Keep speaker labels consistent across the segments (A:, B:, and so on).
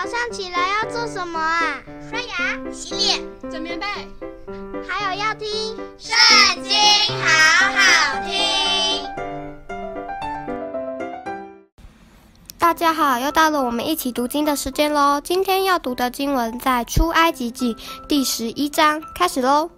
A: 早上起來要做什麼啊？刷牙、洗臉、整棉被，還有要聽《聖經》，好好聽。大家好，又到了我們一起讀經的時間嘍。今天要讀的經文在《出埃及記》第十一章，開始嘍。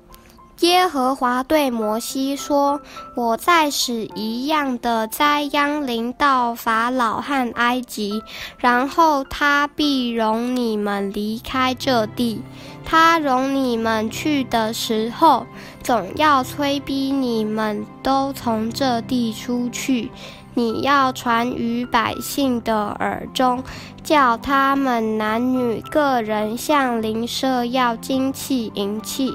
A: 耶和華對摩西說：“我再使一樣的災殃臨到法老和埃及，然後他必容你們離開這地。他容你們去的時候，總要催逼你們都從這地出去。你要傳於百姓的耳中，叫他們男女各人向鄰舍要金器、銀器。”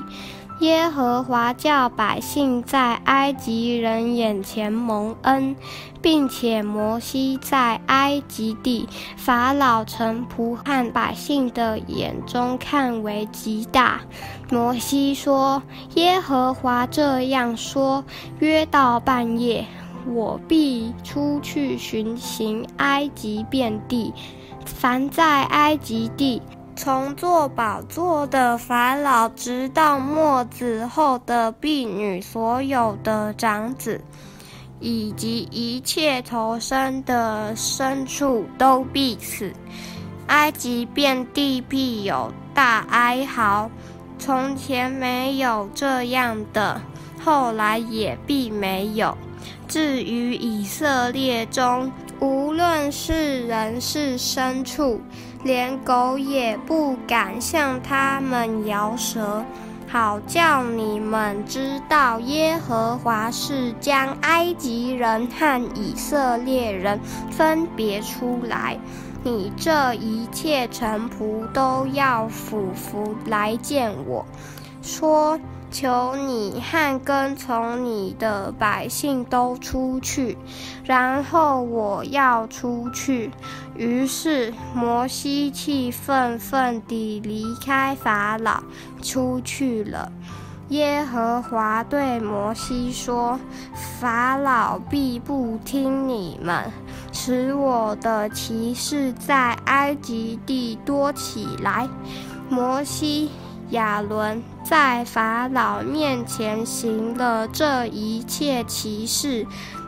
A: 耶和華叫百姓在埃及人眼前蒙恩，並且摩西在埃及地、法老臣僕，和百姓的眼中看為極大。摩西說：“耶和華這樣說：約到半夜，我必出去巡行埃及遍地，凡在埃及地。”從坐寶座的法老，直到磨子後的婢女，所有的長子，以及一切頭生的牲畜，都必死。埃及遍地必有大哀號。從前沒有這樣的，後來也必沒有。至於以色列中，無論是人是牲畜，連狗也不敢向他們搖舌。好叫你們知道，耶和華是將埃及人和以色列人分別出來。你這一切臣僕都要俯伏來見我，說。求你和跟從你的百姓都出去，然後我要出去。於是摩西氣忿忿地離開法老，出去了。耶和華對摩西說：“法老必不聽你們，使我的奇事在埃及地多起來。”摩西。亞倫在法老面前行了這一切奇事，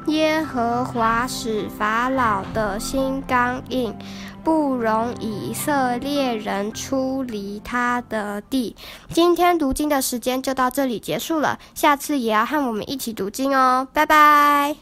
A: 耶和華使法老的心剛硬，不容以色列人出離他的地。今天讀經的時間就到這裡結束了，下次也要和我們一起讀經哦，拜拜。